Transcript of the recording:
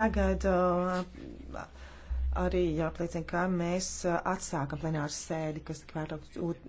Tagad uh, arī jāpliecina, ka mēs uh, atsākam plenāru sēdi, kas tik vērtāk